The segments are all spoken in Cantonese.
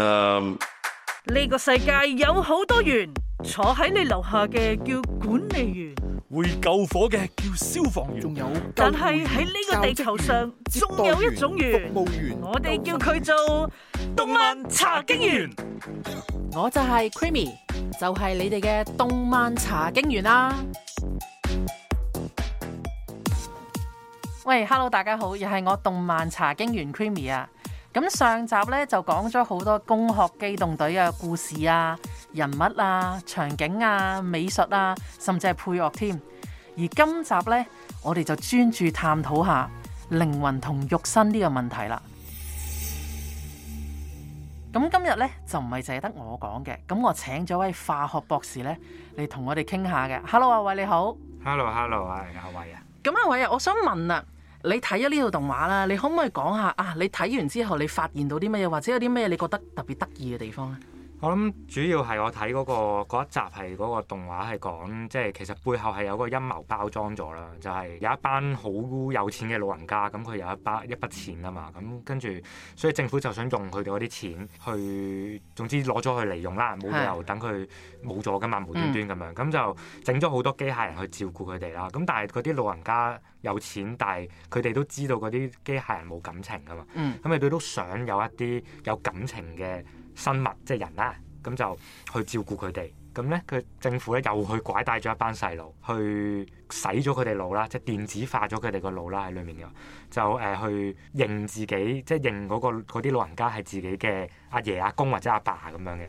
呢、um, 個世界有好多員，坐喺你樓下嘅叫管理員，會救火嘅叫消防員，仲有，但係喺呢個地球上仲有一種員，服務員，我哋叫佢做動漫查經員。我就係 Creamy，就係你哋嘅動漫查經員啦。喂，Hello，大家好，又係我動漫查經員 Creamy 啊。Creamy, 咁上集咧，就講咗好多工學機動隊嘅故事啊、人物啊、場景啊、美術啊，甚至係配樂添、啊。而今集呢，我哋就專注探討下靈魂同肉身呢個問題啦。咁今日呢，就唔係淨係得我講嘅，咁我請咗位化學博士呢嚟，同我哋傾下嘅。Hello 阿緯，你好。Hello，Hello 啊，阿緯啊。咁阿緯啊，我想問啊。你睇咗呢套動畫啦，你可唔可以講下啊？你睇完之後，你發現到啲乜嘢，或者有啲咩你覺得特別得意嘅地方咧？我諗主要係我睇嗰個嗰一集係嗰個動畫係講，即係其實背後係有個陰謀包裝咗啦。就係有一班好有錢嘅老人家，咁佢有一班一筆錢啊嘛。咁跟住，所以政府就想用佢哋嗰啲錢去，總之攞咗佢嚟用啦，冇理由等佢冇咗噶嘛，是無端端咁樣。咁就整咗好多機械人去照顧佢哋啦。咁但係嗰啲老人家有錢，但係佢哋都知道嗰啲機械人冇感情噶嘛。咁佢哋都想有一啲有感情嘅。生物即係人啦，咁就去照顧佢哋。咁咧，佢政府咧又去拐帶咗一班細路，去洗咗佢哋腦啦，即係電子化咗佢哋個腦啦，喺裏面嘅，就誒去認自己，即係認嗰個嗰啲老人家係自己嘅阿爺阿公或者阿爸咁樣嘅。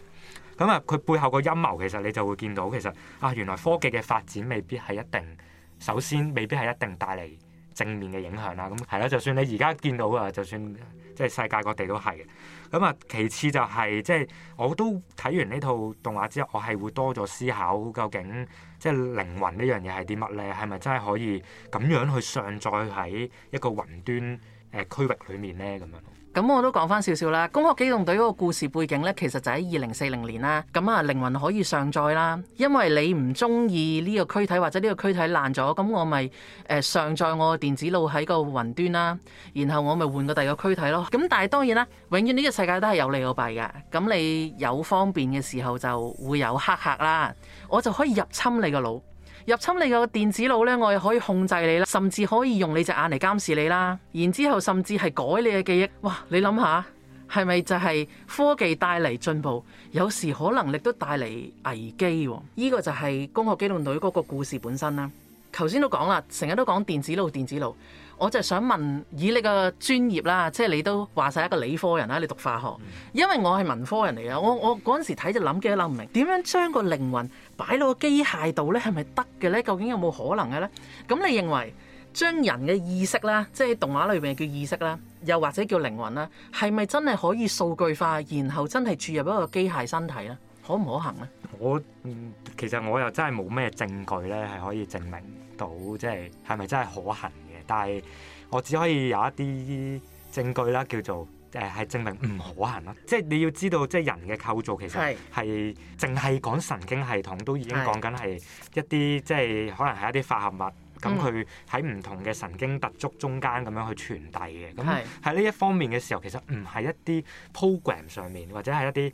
咁啊，佢背後個陰謀其實你就會見到，其實啊，原來科技嘅發展未必係一定，首先未必係一定帶嚟正面嘅影響啦。咁係啦，就算你而家見到啊，就算。即係世界各地都係嘅，咁啊，其次就係，即係我都睇完呢套動畫之後，我係會多咗思考究竟即係靈魂呢樣嘢係啲乜咧？係咪真係可以咁樣去上載喺一個雲端誒區域裡面咧？咁樣。咁我都講翻少少啦，攻殼機動隊嗰個故事背景呢，其實就喺二零四零年啦。咁啊，靈魂可以上載啦，因為你唔中意呢個軀體或者呢個軀體爛咗，咁我咪誒、呃、上載我嘅電子腦喺個雲端啦，然後我咪換個第二個軀體咯。咁但係當然啦，永遠呢個世界都係有利有弊嘅。咁你有方便嘅時候就會有黑客、客啦，我就可以入侵你嘅腦。入侵你個電子腦呢，我又可以控制你啦，甚至可以用你隻眼嚟監視你啦，然之後甚至係改你嘅記憶。哇！你諗下，係咪就係科技帶嚟進步，有時可能亦都帶嚟危機，哦？呢、這個就係《攻殼機動隊》嗰個故事本身啦。頭先都講啦，成日都講電子腦，電子腦。我就想問，以你個專業啦，即係你都話晒一個理科人啦，你讀化學。嗯、因為我係文科人嚟啊，我我嗰陣時睇就諗幾多諗唔明，點樣將個靈魂擺到個機械度咧，係咪得嘅咧？究竟有冇可能嘅咧？咁你認為將人嘅意識啦，即係動畫裏邊叫意識啦，又或者叫靈魂啦，係咪真係可以數據化，然後真係注入一個機械身體咧？可唔可行咧？我其實我又真係冇咩證據咧，係可以證明到，即係係咪真係可行？但係，我只可以有一啲證據啦，叫做誒係、呃、證明唔可行啦。即係你要知道，即係人嘅構造其實係淨係講神經系統，都已經講緊係一啲是即係可能係一啲化合物，咁佢喺唔同嘅神經突觸中間咁樣去傳遞嘅。咁喺呢一方面嘅時候，其實唔係一啲 program 上面，或者係一啲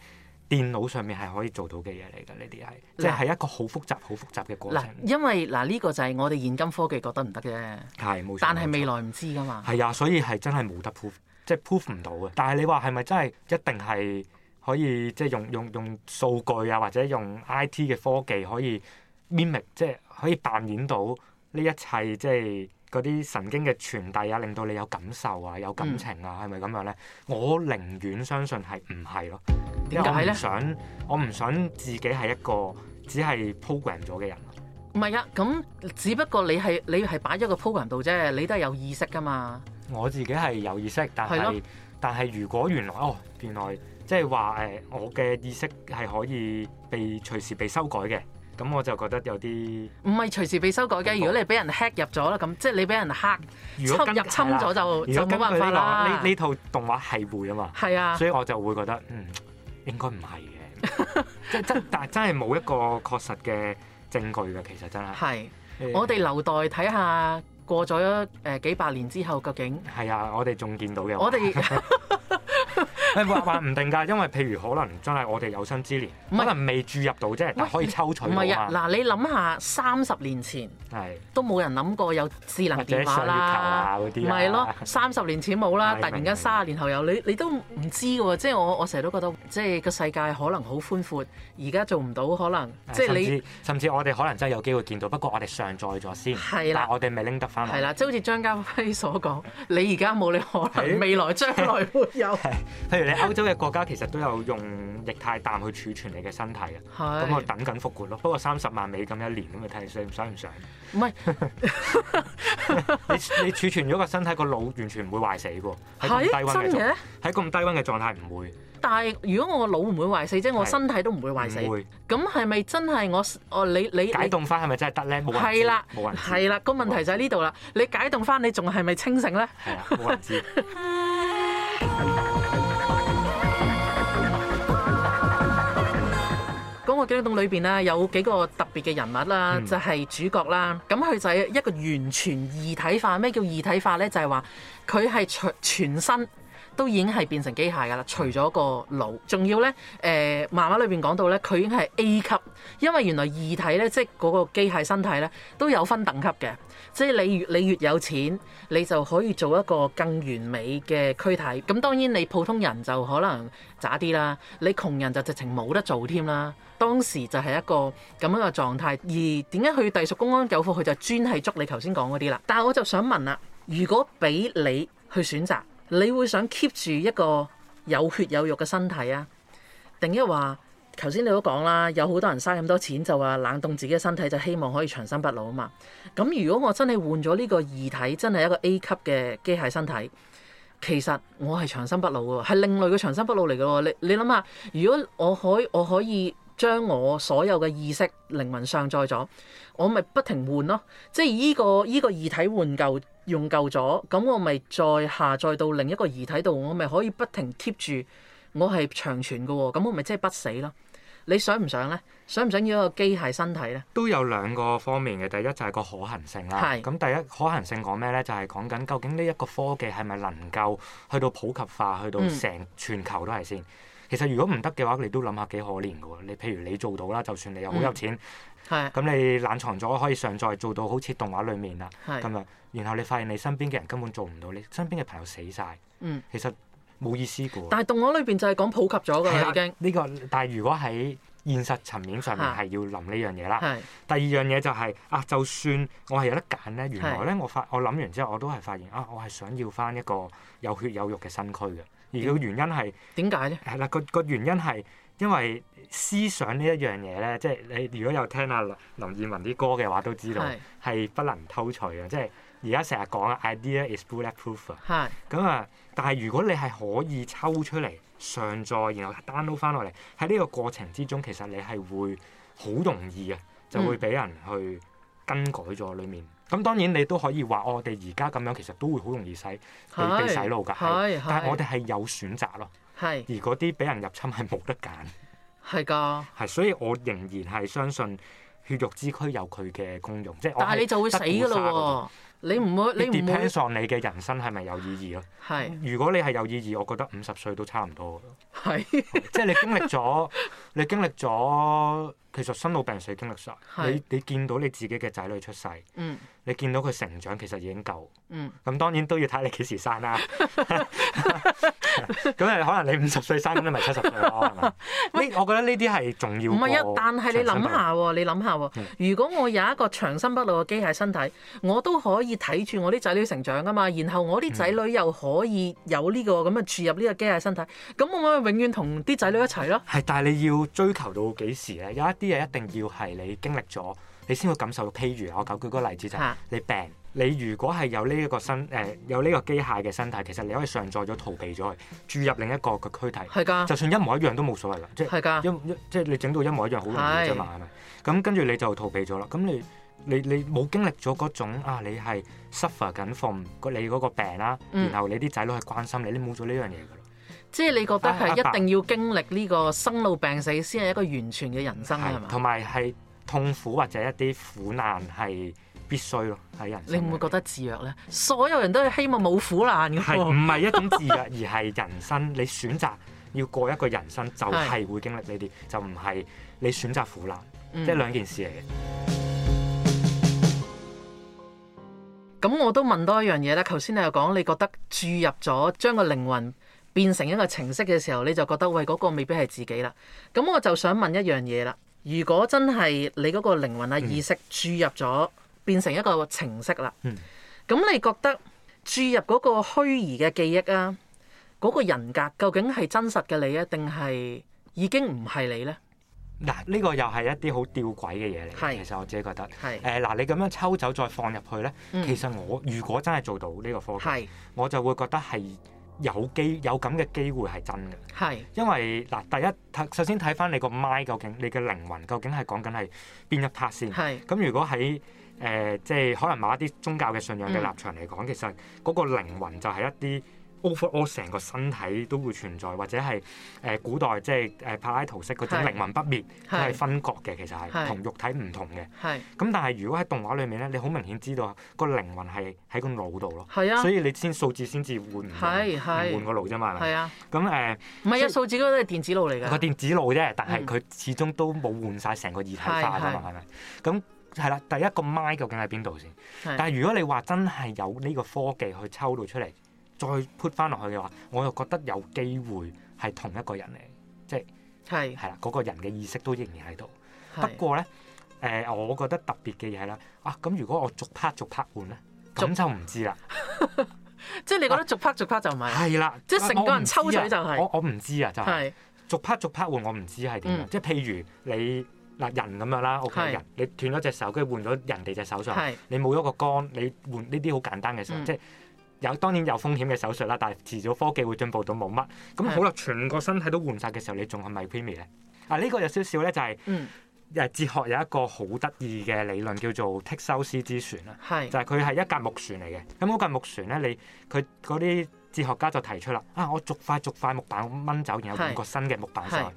電腦上面係可以做到嘅嘢嚟㗎，呢啲係即係一個好複雜、好複雜嘅過程。因為嗱呢個就係我哋現今科技覺得唔得嘅，但係未來唔知噶嘛。係啊，所以係真係冇得 prove 即係 prove 唔到嘅。但係你話係咪真係一定係可以即係、就是、用用用數據啊，或者用 IT 嘅科技可以 mimic，即係可以扮演到呢一切即係。就是嗰啲神經嘅傳遞啊，令到你有感受啊，有感情啊，係咪咁樣咧？我寧願相信係唔係咯？點解咧？我想，我唔想自己係一個只係 program 咗嘅人。唔係啊，咁只不過你係你係擺咗個 program 度啫，你都係有意識㗎嘛。我自己係有意識，但係、啊、但係如果原來哦，原來即係話誒，我嘅意識係可以被隨時被修改嘅。咁我就覺得有啲唔係隨時被修改嘅。怖如果你係俾人 hack 入咗啦，咁即係你俾人 hack 入侵咗就、這個、就冇辦法啦。呢呢套動畫係會啊嘛，係啊，所以我就會覺得，嗯應該唔係嘅，即係 真但係真係冇一個確實嘅證據嘅。其實真係係是、uh, 我哋留待睇下過咗誒幾百年之後究竟係啊，我哋仲見到嘅，我哋們。 誒話唔定㗎，因為譬如可能真係我哋有生之年，可能未注入到，即係可以抽取。唔係啊，嗱你諗下三十年前，係都冇人諗過有智能電話啦，唔係咯，三十年前冇啦，突然間三十年後有，你你都唔知㗎喎，即係我我成日都覺得，即係個世界可能好寬闊，而家做唔到，可能即係你甚至我哋可能真係有機會見到，不過我哋上載咗先，但係我哋未拎得翻嚟。係啦，即係好似張家輝所講，你而家冇，你可能未來將來會有。你歐洲嘅國家其實都有用液態氮去儲存你嘅身體嘅，咁我等緊復活咯。不過三十萬美金一年咁啊睇，想唔想唔想？唔係，你你儲存咗個身體個腦完全唔會壞死喎，喺咁低温喺咁低温嘅狀態唔會。但係如果我個腦唔會壞死，即係我身體都唔會壞死。唔會。咁係咪真係我我你你解凍翻係咪真係得咧？係啦，係啦，個問題就喺呢度啦。你解凍翻你仲係咪清醒咧？係啊，冇人知。《攻殼機動隊》裏邊咧有幾個特別嘅人物啦，就係主角啦。咁佢就係一個完全異體化。咩叫異體化呢？就係話佢係全全身，都已經係變成機械噶啦，除咗個腦，仲要呢，誒、呃，漫畫裏邊講到呢，佢已經係 A 級，因為原來二體呢，即係嗰個機械身體呢，都有分等級嘅，即係你越你越有錢，你就可以做一個更完美嘅軀體。咁當然你普通人就可能渣啲啦，你窮人就直情冇得做添啦。當時就係一個咁樣嘅狀態。而點解佢隸屬公安九課，佢就專係捉你頭先講嗰啲啦。但係我就想問啦，如果俾你去選擇？你會想 keep 住一個有血有肉嘅身體啊？定一話，頭先你都講啦，有好多人嘥咁多錢就話冷凍自己嘅身體，就希望可以長生不老啊嘛。咁如果我真係換咗呢個義體，真係一個 A 級嘅機械身體，其實我係長生不老喎，係另類嘅長生不老嚟嘅喎。你你諗下，如果我可我可以。將我所有嘅意識靈魂上載咗，我咪不停換咯。即係依、這個依、這個異體換夠用夠咗，咁我咪再下載到另一個異體度，我咪可以不停 keep 住我係長存嘅。咁我咪即係不死咯。你想唔想咧？想唔想要一個機械身體咧？都有兩個方面嘅，第一就係個可行性啦、啊。係是。咁第一可行性講咩咧？就係講緊究竟呢一個科技係咪能夠去到普及化，去到成全球都係先。嗯其實如果唔得嘅話，你都諗下幾可憐㗎喎。你譬如你做到啦，就算你又好有錢，係咁、嗯、你冷藏咗可以上載做到好似動畫裏面啦，係咁啊。然後你發現你身邊嘅人根本做唔到，你身邊嘅朋友死晒，嗯、其實冇意思㗎喎。但係動畫裏邊就係講普及咗㗎啦，已經呢個。但係如果喺現實層面上面係是要諗呢樣嘢啦。是第二樣嘢就係、是、啊，就算我係有得揀咧，原來咧我發我諗完之後我都係發現啊，我係想要翻一個有血有肉嘅身軀嘅。而個原因係點解咧？係啦，個個原因係因為思想呢一樣嘢咧，即係你如果有聽阿林林二汶啲歌嘅話，都知道係是不能偷取嘅。即係而家成日講啊，idea is bulletproof。係咁啊！但係如果你係可以抽出嚟上載，然後 download 翻落嚟，喺呢個過程之中，其實你係會好容易啊，就會俾人去更改咗裡面。嗯咁當然你都可以話，哦，我哋而家咁樣其實都會好容易洗被，被洗腦噶，是的但係我哋係有選擇咯。是而嗰啲俾人入侵係冇得揀，係㗎的。係所以，我仍然係相信血肉之軀有佢嘅功用，但係你就會死㗎啦喎！你唔會，你 depend on 你嘅人生係咪有意義咯？是是如果你係有意義，我覺得五十歲都差唔多。係，即係你經歷咗，你經歷咗，其實生老病死經歷曬。你你見到你自己嘅仔女出世，你見到佢成長，其實已經夠。咁當然都要睇你幾時生啦。咁啊，可能你五十歲生，咁你咪七十歲咯。呢，我覺得呢啲係重要。唔係啊，但係你諗下喎，你諗下喎，如果我有一個長生不老嘅機械身體，我都可以睇住我啲仔女成長噶嘛。然後我啲仔女又可以有呢個咁啊，注入呢個機械身體，咁我永遠同啲仔女一齊咯，係，但係你要追求到幾時咧？有一啲嘢，一定要係你經歷咗，你先會感受到。譬如我舉舉個例子，就係你病，你如果係有呢一個身，誒有呢個機械嘅身體，其實你可以上載咗逃避咗去，注入另一個個軀體，就算一模一樣都冇所謂即係噶，即係你整到一模一樣好容易啫嘛，係咪？咁跟住你就逃避咗啦，咁你你冇經歷咗嗰種啊，你係 suffer 緊奉你嗰個病啦，然後你啲仔女係關心你，你冇咗呢樣嘢噶即係你覺得係一定要經歷呢個生老病死先係一個完全嘅人生係嘛？同埋係痛苦或者一啲苦難係必須咯，喺人生你唔會覺得自虐咧？所有人都係希望冇苦難嘅，係唔係一種自虐，而係人生 你選擇要過一個人生就係會經歷呢啲，就唔係你選擇苦難，即係兩件事嚟嘅。咁、嗯、我都問多一樣嘢啦，頭先你又講你覺得注入咗將個靈魂。變成一個程式嘅時候，你就覺得喂嗰、嗰個未必係自己啦。咁我就想問一樣嘢啦。如果真係你嗰個靈魂啊、嗯、意識注入咗變成一個程式啦，咁、嗯、你覺得注入嗰個虛擬嘅記憶啊，嗰、嗰個人格究竟係真實嘅你啊，定係已經唔係你呢？嗱，呢個又係一啲好吊詭嘅嘢嚟。是其實我自己覺得係嗱是、呃，你咁樣抽走再放入去呢，嗯、其實我如果真係做到呢個科技，我就會覺得係。是有機有咁嘅機會係真嘅，係是因為嗱，第一，首先睇翻你個麥究竟，你嘅靈魂究竟係講緊係邊一 part 先？咁是，如果喺誒、呃、即係可能某一啲宗教嘅信仰嘅立場嚟講，嗯、其實嗰個靈魂就係一啲。我我成個身體都會存在，或者係誒、呃、古代即係誒、呃、柏拉圖式嗰種靈魂不滅佢係是分割嘅，其實係同是肉體唔同嘅。咁是，但係如果喺動畫裏面咧，你好明顯知道個靈魂係喺個腦度咯。啊、所以你先數字先至換唔換個腦啫嘛。係咪？咁誒、啊，唔係，一、uh, 數字嗰個都係電子腦嚟㗎。個電子腦啫，但係佢始終都冇換晒成個二體化㗎嘛，係咪？咁係啦，第一個麥究竟喺邊度先？但係如果你話真係有呢個科技去抽到出嚟，再 put 翻落去嘅話，我又覺得有機會係同一個人嚟，即係係啦，嗰個人嘅意識都仍然喺度。不過咧，誒，我覺得特別嘅嘢啦，啊，咁如果我逐 part 逐 part 換咧，咁就唔知啦。即係你覺得逐 part 逐 part 就唔係？係啦，即係成個人抽取就係。我我唔知啊，就係逐 part 逐 part 換，我唔知係點。即係譬如你嗱人咁樣啦，OK，人你斷咗隻手，跟住換咗人哋隻手上，你冇咗個肝，你換呢啲好簡單嘅嘢，即係。有當然有風險嘅手術啦，但係遲早科技會進步到冇乜咁好啦。全個身體都換晒嘅時候，你仲係咪 queenie 咧？啊，呢個有少少咧，就係嗯，哲學有一個好得意嘅理論叫做剔修斯之船啦，就係佢係一架木船嚟嘅。咁嗰架木船咧，你佢嗰啲哲學家就提出啦，啊，我逐塊逐塊木板掹走，然後換個新嘅木板上去，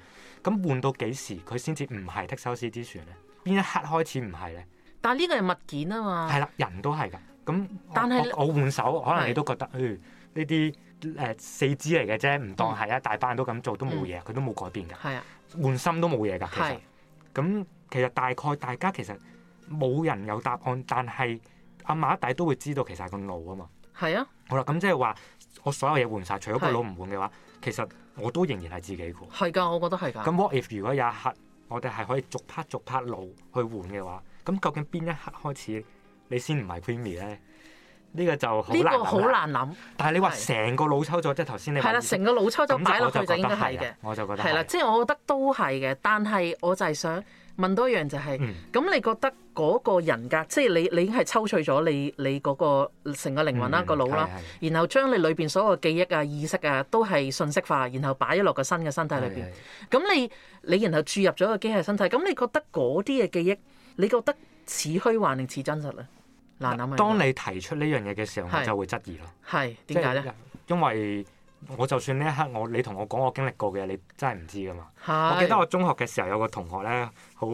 咁換到幾時佢先至唔係剔修斯之船咧？邊一刻開始唔係咧？但係呢個係物件啊嘛，係啦，人都係㗎。咁，但係是我換手，可能你都覺得，誒呢啲誒四肢嚟嘅啫，唔當係一、嗯、大班人都咁做，都冇嘢，佢、嗯、都冇改變㗎。係、啊、換心都冇嘢㗎。其實，咁是其實大概大家其實冇人有答案，但係阿馬底都會知道其實係個腦啊嘛。係啊。好啦，咁即係話我所有嘢換晒，除咗個腦唔換嘅話，是其實我都仍然係自己嘅。係㗎，我覺得係㗎。咁 what if 如果有一刻我哋係可以逐 part 逐 part 腦去換嘅話，咁究竟邊一刻開始？你先唔係 premi 咧，呢個就好難。呢個好難諗。但係你話成個腦抽咗，即係頭先你係啦，成個腦抽咗，擺落去就應該係嘅。我就覺得係啦，即係我覺得都係嘅。但係我就係想問多一樣，就係咁，你覺得嗰個人格，即係你你已經係抽取咗你你嗰個成個靈魂啦、個腦啦，然後將你裏邊所有嘅記憶啊、意識啊，都係信息化，然後擺咗落個新嘅身體裏邊。咁你你然後注入咗個機械身體，咁你覺得嗰啲嘅記憶，你覺得似虛幻定似真實咧？難諗啊。當你提出呢樣嘢嘅時候，是我就會質疑咯。係點解咧？因為我就算呢一刻我你同我講我經歷過嘅嘢，你真係唔知噶嘛？是我記得我中學嘅時候有個同學咧，好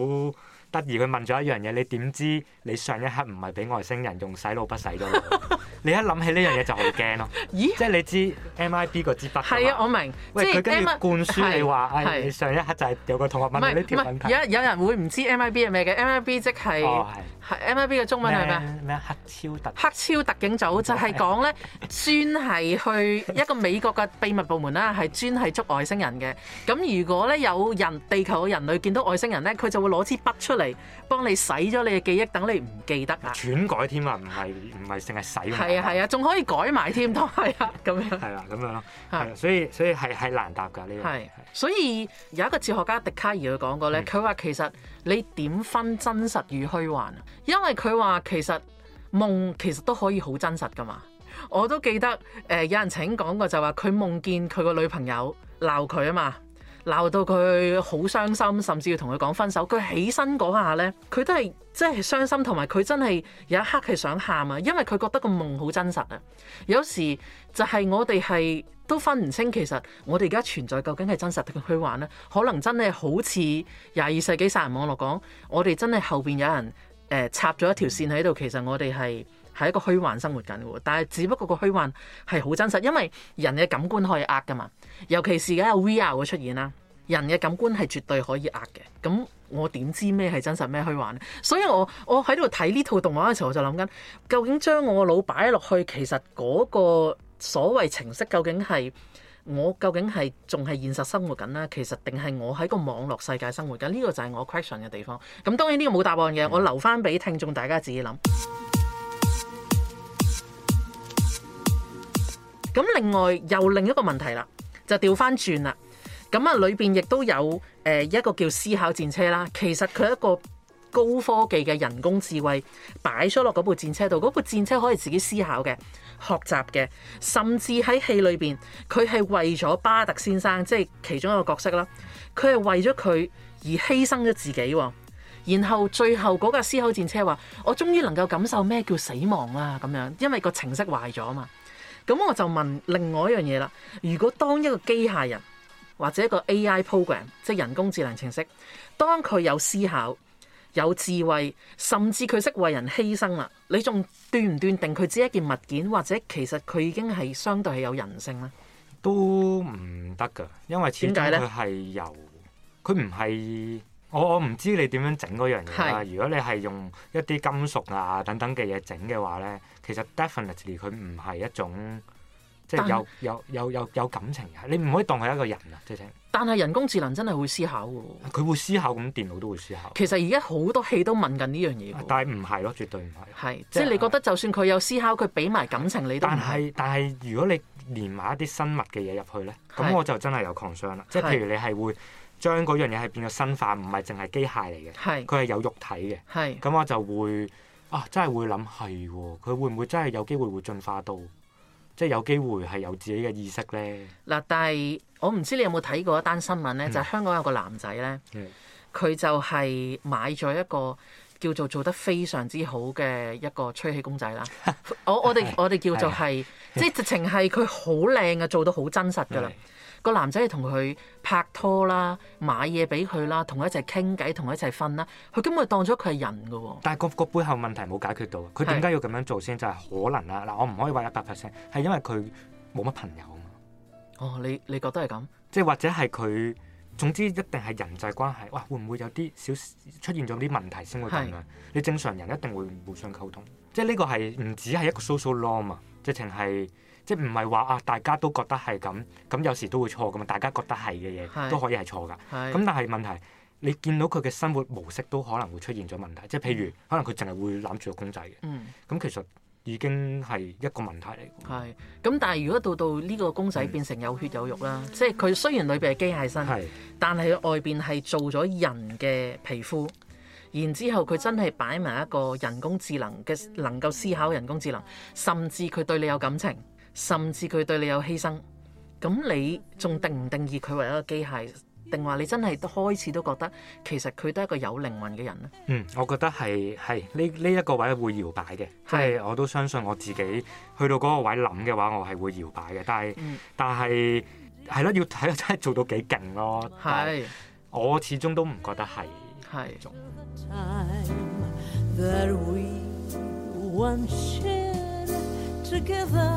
得意，佢問咗一樣嘢，你點知你上一刻唔係俾外星人用洗腦筆洗咗腦？ 你一諗起呢樣嘢就好驚咯！咦？即係你知 MIB 嗰支筆係啊，我明。即喂，佢跟住灌輸你話：你上一刻就係有個同學問你點解？而家有人會唔知 MIB 係咩嘅？MIB 即係 MIB 嘅中文係咩咩？黑超特黑超特警組就係講咧，專係去一個美國嘅秘密部門啦，係專係捉外星人嘅。咁如果咧有人地球嘅人類見到外星人咧，佢就會攞支筆出嚟幫你洗咗你嘅記憶，等你唔記得啦。篡改添啊！唔係唔係，淨係洗。係啊，仲可以改埋添，都係啊，咁樣。係啦， 咁樣，係，所以，所以係係難答噶呢個。係、這個，所以有一個哲學家笛卡爾佢講過咧，佢話、嗯、其實你點分真實與虛幻？因為佢話其實夢其實都可以好真實噶嘛。我都記得誒，有人曾經講過，就話佢夢見佢個女朋友鬧佢啊嘛。鬧到佢好傷心，甚至要同佢講分手。佢起身嗰下呢，佢都係真係傷心，同埋佢真係有一刻係想喊啊！因為佢覺得個夢好真實啊。有時就係我哋係都分唔清，其實我哋而家存在究竟係真實定虛幻呢？可能真係好似廿二世紀殺人網絡講，我哋真係後邊有人誒插咗一條線喺度，其實我哋係。係一個虛幻生活緊喎，但係只不過個虛幻係好真實，因為人嘅感官可以呃㗎嘛。尤其是而家有 VR 會出現啦，人嘅感官係絕對可以呃嘅。咁我點知咩係真實咩虛幻咧？所以我我喺度睇呢套動畫嘅時候，我就諗緊究竟將我個腦擺落去，其實嗰個所謂程式究竟係我究竟係仲係現實生活緊啦？其實定係我喺個網絡世界生活緊？呢個就係我 question 嘅地方。咁當然呢個冇答案嘅，我留翻俾聽眾大家自己諗。咁另外又另一個問題啦，就調翻轉啦。咁啊，裏邊亦都有誒一個叫思考戰車啦。其實佢一個高科技嘅人工智慧擺咗落嗰部戰車度，嗰部戰車可以自己思考嘅、學習嘅，甚至喺戲裏邊，佢係為咗巴特先生，即係其中一個角色啦。佢係為咗佢而犧牲咗自己。然後最後嗰架思考戰車話：我終於能夠感受咩叫死亡啦！咁樣，因為個程式壞咗啊嘛。咁我就問另外一樣嘢啦。如果當一個機械人或者一個 AI program，即係人工智能程式，當佢有思考、有智慧，甚至佢識為人犧牲啦，你仲斷唔斷定佢只係一件物件，或者其實佢已經係相對係有人性呢？都唔得㗎，因為點解呢，佢係由佢唔係。我我唔知你點樣整嗰樣嘢啦。是如果你係用一啲金屬啊等等嘅嘢整嘅話咧，其實 definitely 佢唔係一種即係有是有有有有感情嘅。你唔可以當佢一個人啊，即係。但係人工智能真係會思考嘅。佢會思考，咁電腦都會思考。其實而家好多戲都問緊呢樣嘢，但係唔係咯，絕對唔係。即係、啊、你覺得就算佢有思考，佢俾埋感情你都。但係但係，如果你連埋一啲生物嘅嘢入去咧，咁是我就真係有 concern 啦。即係譬如你係會。將嗰樣嘢係變咗生化，唔係淨係機械嚟嘅。係，佢係有肉體嘅。係。咁我就會啊，真係會諗係喎，佢會唔會真係有機會會進化到，即係有機會係有自己嘅意識咧？嗱，但係我唔知你有冇睇過一單新聞咧，就係、是、香港有個男仔咧，佢、嗯、就係買咗一個叫做做得非常之好嘅一個吹氣公仔啦呵呵。我 我哋我哋叫做係，即係直情係佢好靚呀，做到好真實噶啦。個男仔係同佢拍拖啦，買嘢俾佢啦，同佢一齊傾偈，同佢一齊瞓啦。佢根本當咗佢係人噶喎、喔。但係個個背後問題冇解決到，佢點解要咁樣做先？就係、是、可能啦。嗱是，我唔可以話一百 percent，係因為佢冇乜朋友啊嘛。哦，你你覺得係咁？即係或者係佢，總之一定係人際關係。哇，會唔會有啲小事出現咗啲問題先會咁樣？是你正常人一定會互相溝通。即係呢個係唔止係一個 social norm 啊，直情係。即係唔係話啊？大家都覺得係咁咁，有時都會錯噶嘛。大家覺得係嘅嘢都可以係錯㗎。咁但係問題，你見到佢嘅生活模式都可能會出現咗問題。即係譬如，可能佢淨係會攬住個公仔嘅。嗯。咁其實已經係一個問題嚟。係。咁但係如果到到呢個公仔變成有血有肉啦，嗯、即係佢雖然裏邊係機械身，係，但係外邊係做咗人嘅皮膚，然之後佢真係擺埋一個人工智能嘅能夠思考人工智能，甚至佢對你有感情。甚至佢對你有犧牲，咁你仲定唔定義佢為一個機械，定話你真係都開始都覺得其實佢都係一個有靈魂嘅人咧？嗯，我覺得係係呢呢一個位會搖擺嘅，係是，我都相信我自己去到嗰個位諗嘅話，我係會搖擺嘅，但係、嗯、但係係咯，要睇真係做到幾勁咯。係是，我始終都唔覺得係。是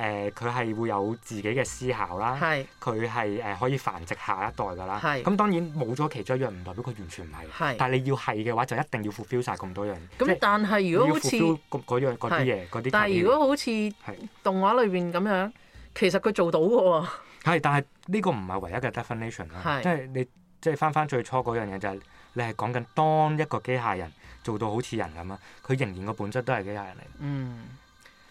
誒，佢係、呃、會有自己嘅思考啦。佢係誒可以繁殖下一代㗎啦。咁是、嗯、當然冇咗其中一樣，唔代表佢完全唔係。是但係你要係嘅話，就一定要 fulfill 晒咁多樣。咁是但係如果好似嗰樣嗰啲嘢嗰啲，但係如果好似動畫裏邊咁樣，其實佢做到嘅喎。係，但係呢個唔係唯一嘅 definition 啦、啊。即係是你即係翻翻最初嗰樣嘢就係、是、你係講緊當一個機械人做到好似人咁樣，佢仍然個本質都係機械人嚟。嗯。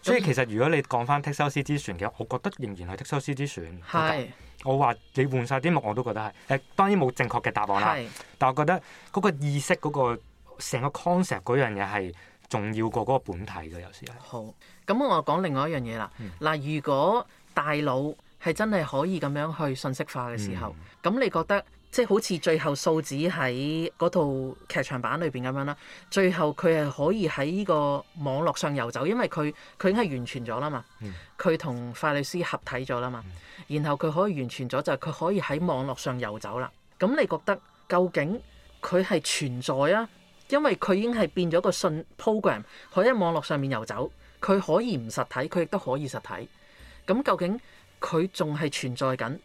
嗯、所以其實如果你講翻剔修斯之船嘅，我覺得仍然係剔修斯之船。係是。我話你換晒啲木我都覺得係。誒、呃、當然冇正確嘅答案啦。是但我覺得嗰個意識嗰、那個成個 concept 嗰樣嘢係重要過嗰個本體嘅，有時係。好。咁我講另外一樣嘢啦。嗱、嗯，如果大腦係真係可以咁樣去信息化嘅時候，咁、嗯、你覺得？即係好似最後素子喺嗰套劇場版裏邊咁樣啦，最後佢係可以喺呢個網絡上遊走，因為佢佢已經係完全咗啦嘛，佢同、嗯、法律師合體咗啦嘛，嗯、然後佢可以完全咗就係、是、佢可以喺網絡上遊走啦。咁你覺得究竟佢係存在啊？因為佢已經係變咗個信 program，可以喺網絡上面遊走，佢可以唔實體，佢亦都可以實體。咁究竟佢仲係存在緊？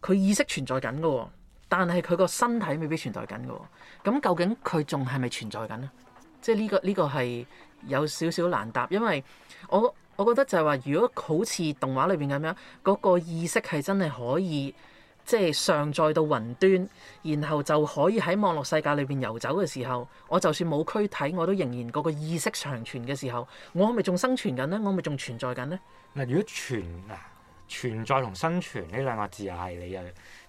佢意識存在緊嘅喎。但係佢個身體未必存在緊嘅，咁究竟佢仲係咪存在緊呢？即係、呢、呢個呢、呢個係有少少難答，因為我我覺得就係話，如果好似動畫裏邊咁樣，嗰、嗰個意識係真係可以即係上載到雲端，然後就可以喺網絡世界裏邊遊走嘅時候，我就算冇軀體，我都仍然嗰個意識長存嘅時候，我係咪仲生存緊呢？我係咪仲存在緊呢？嗱，如果存啊？存在同生存呢兩個字又係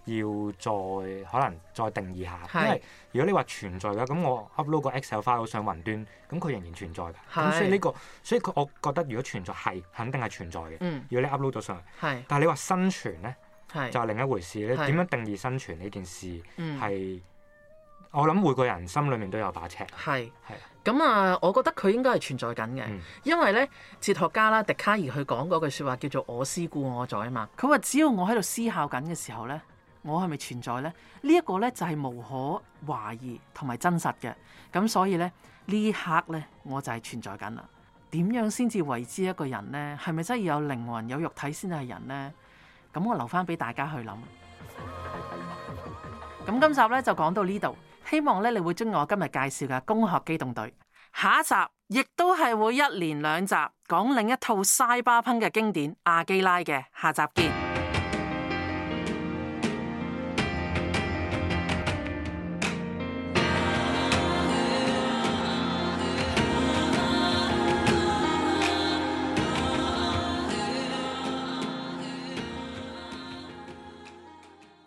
你又要再可能再定義下，是因為如果你話存在嘅咁，我 upload 個 Excel file 上雲端，咁佢仍然存在㗎。咁是所以呢、呢個，所以佢我覺得如果存在係肯定係存在嘅。嗯、如果你 upload 咗上嚟，係是，但你話生存咧，是就係另一回事，你點是樣定義生存呢件事係、嗯？我諗每個人心裏面都有把尺，係係是。是咁啊，我覺得佢應該係存在緊嘅，因為咧，哲學家啦，笛卡爾佢講嗰句説話叫做我思故我在啊嘛。佢話只要我喺度思考緊嘅時候咧，我係咪存在咧？呢一個咧就係無可懷疑同埋真實嘅。咁所以咧，呢一刻咧，我就係存在緊啦。點樣先至為之一個人咧？係咪真係要有靈魂有肉體先係人咧？咁我留翻俾大家去諗。咁今集咧就講到呢度。希望咧，你會鍾意我今日介紹嘅《攻殼機動隊》。下一集，亦都係會一連兩集講另一套《西巴噴》嘅經典《阿基拉》嘅，下集見。